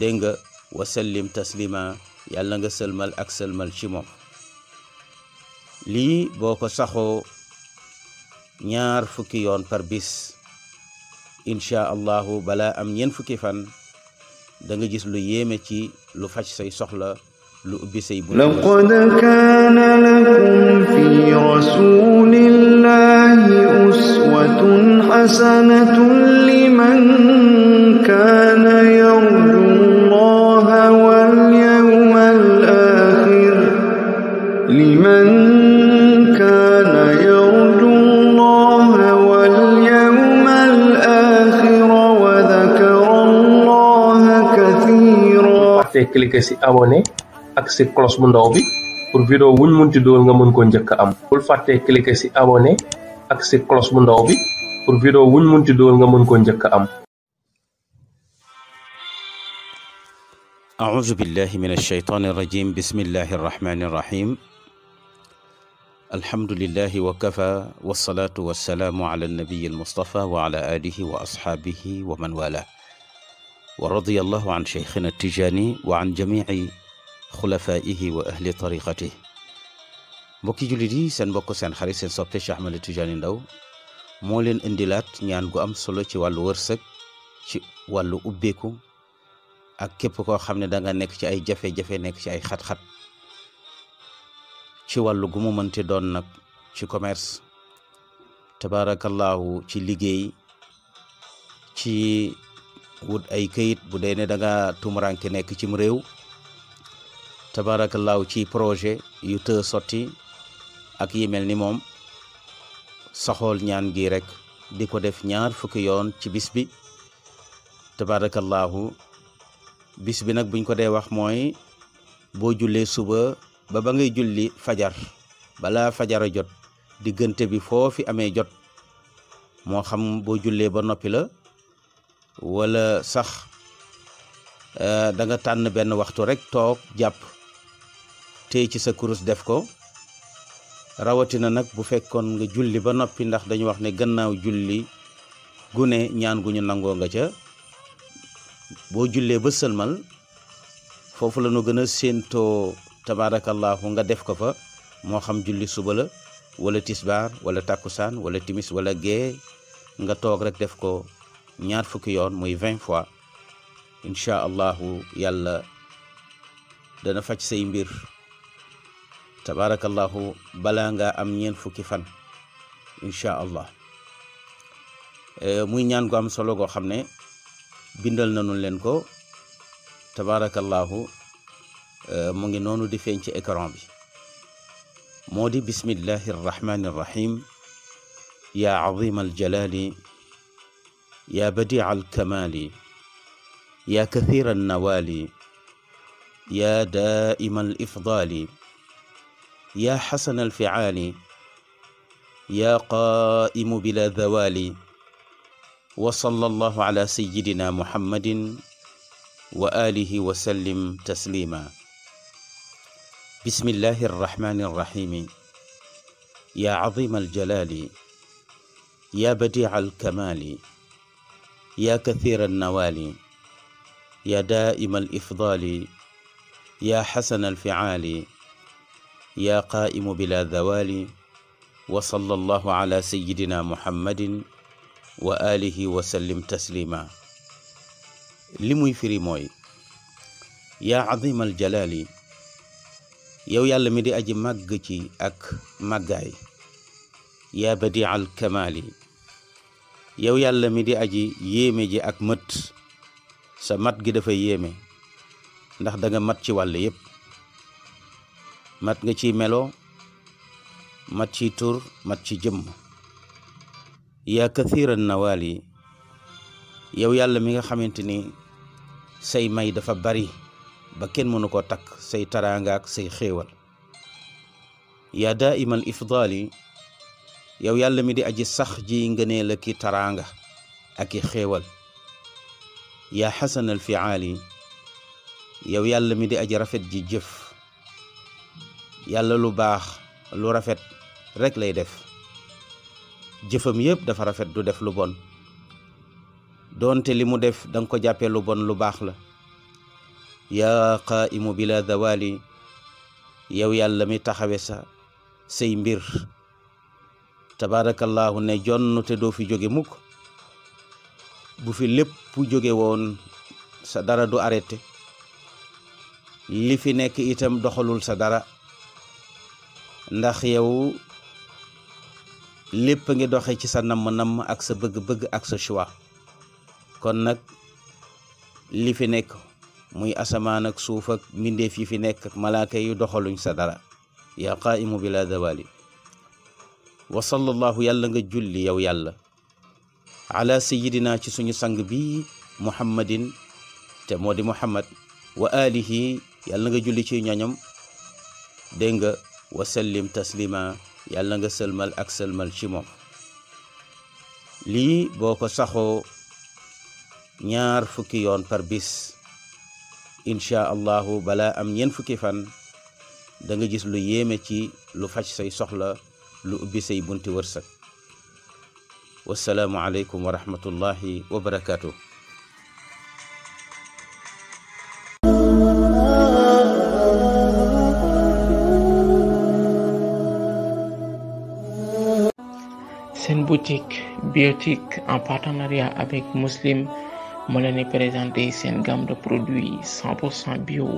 dégg وسلم تسليما يالا taslima yàlla nga sëlmal ak sëlmal ci moom lii boo ko ñaar fukki yoon par bis insha allah bala am ñen fukki fan da nga gis lu yeme ci lu faj say soxla lu ubbi say bu laqad kana lakum fi rasulillahi uswatun hasanatun liman kana yarju fee cliquer si abonné ak si cloche bu ndaw bi pour vidéo wuñ munti dool nga mën ko njëkk am bul fàttee cliquer si abonné ak si cloche bu ndaw bi pour vidéo wuñ munti dool nga mën ko njëkk am أعوذ بالله من الشيطان الرجيم بسم الله الرحمن الرحيم الحمد لله وكفى والصلاة والسلام على النبي المصطفى وعلى آله وأصحابه ومن والاه ورضي الله عن شيخنا التجاني وعن جميع خلفائه وأهل طريقته بكي جولي دي سن بكو سن خريس التجاني دو مولين اندلات نيان قو أم صلو ورسك چي والو أكيبكو خامنة دانگا نك أي جفة جفة نك أي خط خط ci wàllu gu doon nag ci commerce tabaarakallaahu ci liggéey ci wut ay këyit bu dee ne da nga tumuranke nekk cim réew tabaarakallaahu ci projet yu të sotti ak yi mel ni moom saxool ñaan gi rek di ko def ñaar fukki yoon ci bis bi tabaarakallaahu bi nag buñ ko dee wax mooy boo jullee suba ba ba ngay julli fajar balaa fajara jot diggante bi foofi amee jot moo xam boo jullee ba noppi la wala sax euh, danga tànn benn waxtu rekk toog jàpp tey ci sa kurus def ko rawatina nag bu fekkoon nga julli ba noppi ndax dañu wax ne gannaaw julli gune ñaan guñu nangoo nga ca boo jullee ba sëlmal foofu la ñu gën a séentoo tabaarakallaahu nga def ko fa moo xam julli subala la wala tisbaar wala takkusaan wala timis wala gee nga toog rek def ko ñaar fukki yoon muy vingt fois inchaa allahu yàlla dana faj say mbir tabaarakallaahu balaa nga am ñeen fukki fan inchaa allah e, muy ñaan gu am solo goo xam ne bindal nañu leen ko tabaarakallaahu mu ngi noonu di feeñ ci écran bi moo di bismillahi arrahmani irrahim ya azima aljalaali ya badia alkamaali ya kathira alnawaali ya daaima alifdaali ya xasana alfiaali ya qaimu bila dawaali wa salla allahu ala sayidina muhammadin wa alihi wa بسم الله الرحمن الرحيم يا عظيم الجلال يا بديع الكمال يا كثير النوال يا دائم الإفضال يا حسن الفعال يا قائم بلا ذوال وصلى الله على سيدنا محمد وآله وسلم تسليما لموي فريموي يا عظيم الجلال yow yàlla mi di aji màgg ci ak màggaay yaa badial kamaali yow yàlla mi di aji yéeme ji ak mët sa mat gi dafa yéeme ndax danga mat ci wàll yépp mat nga ci melo mat ci tur mat ci jëmm yaa kathiran yi yow yàlla mi nga xamante ni say may dafa bari ba kenn mënu koo takk say taraanga ak say xéewal yaa daa'imal ifdaali yow yàlla mi di aji sax ji ngëneel ak i taraanga ak i xéewal yaa xasanal fiaali yow yàlla mi di aji rafet ji jëf yàlla lu baax lu rafet rekk lay def jëfam yépp dafa rafet du def lu bon doonte li mu def danga ko jàppee lu bon lu baax la yaa qaa'imu bila zawali yow yàlla mi taxawe sa say mbir tabaarakallaahu ne jonn te doo fi jóge mukk bu fi lépp jóge woon sa dara du arrêté li fi nekk itam doxalul sa dara ndax yow lépp ngi doxe ci sa namm-namm ak sa bëgg-bëgg ak sa choix kon nag li fi nekk muy asamaan ak suuf ak mbindeef yi fi nek ak malaaka yu doxaluñ sa dara yaa qaa'imu bi laa wa sallallahu yàlla nga julli yow yàlla ala sayidina ci suñu sang bi muhammadin te moo muhammad wa alihi yàlla nga julli ci ñoñom dégg nga wa sallim taslima yàlla nga sëlmal ak sëlmal ci moom lii boo ko ñaar fukki yoon par bis ان شاء الله بلا ام ينفكي فان da nga gis lu yéeme ci lu faj say soxla lu ubbi say bunti wërsëg wasalaamu aleykum wa rahmatullahi wa boutique biotique en partenariat avec Muslim je leen présente présenter une gamme de produits 100% bio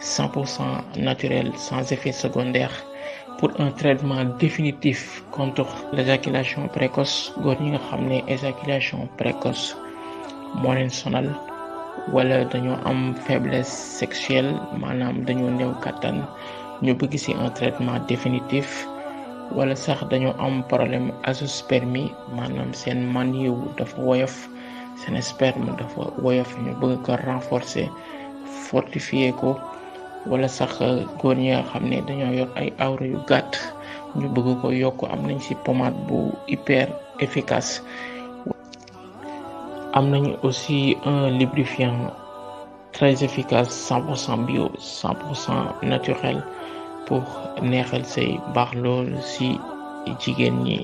100% naturel sans effet secondaire pour un traitement définitif contre l'éjaculation précoce góor ñi nga éjaculation précoce moo sonal wala dañu am faiblesse sexuelle manam dañu néew katan ñu bëgg ci un traitement définitif wala sax dañu am problème azoospermie manam sen man dafa woyof c'est dafa woyof ñu bëgg ko renforcer fortifier ko wala sax góor ñi nga xam ne dañoo yor ay awra yu gàtt ñu bëgg ko yokk am nañ ci pommade bu hyper efficace am nañu aussi un lubrifiant très efficace 100% bio 100% naturel pour neexal say baax loolu ci jigéen ñi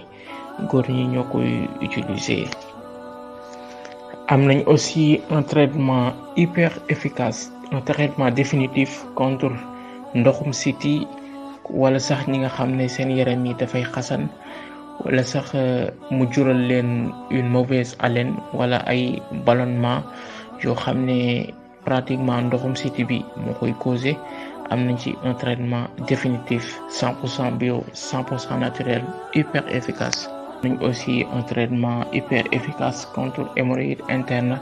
góor ñi ñoo koy utiliser am aussi un traitement hyper efficace un traitement définitif contre ndoxum City, wala sax ñi n'y a jamais seen yaram yi fay xasan wala sax euh, mu jural leen une mauvaise haleine wala ay ballonnement yoo xam pratiquement ndoxum City bi mon koy causé am un traitement définitif 100% bio 100% naturel hyper efficace nañ aussi un traitement hyper efficace contre hémorroïde interne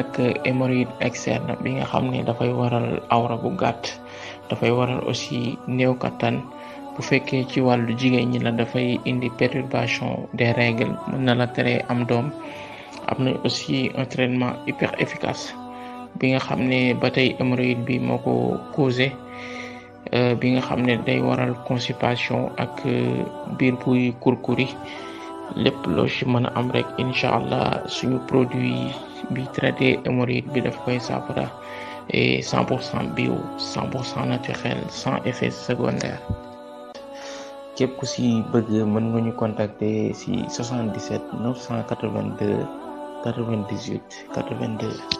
ak hémorroïde externe bi nga xam ne dafay waral awra bu gàtt dafay waral aussi néew kattan bu fekkee ci wàllu jigéen ñi la dafay indi perturbation des règles mën na la tere am doom am nañ aussi entrainement traitement hyper efficace bi nga xam ne ba tey hémorroïde bi moo ko causé euh, bi nga xam ne day waral constipation ak euh, biir buy kurkuri lépp loo ci mën a am rek incha allah suñu produit bi traité hémorroïde bi daf koy saafara e cent pour cent bio cent pour cent naturel sans effet secondaire képp ku ci bëgg mën nga ñu si contacter ci 77 982 98 82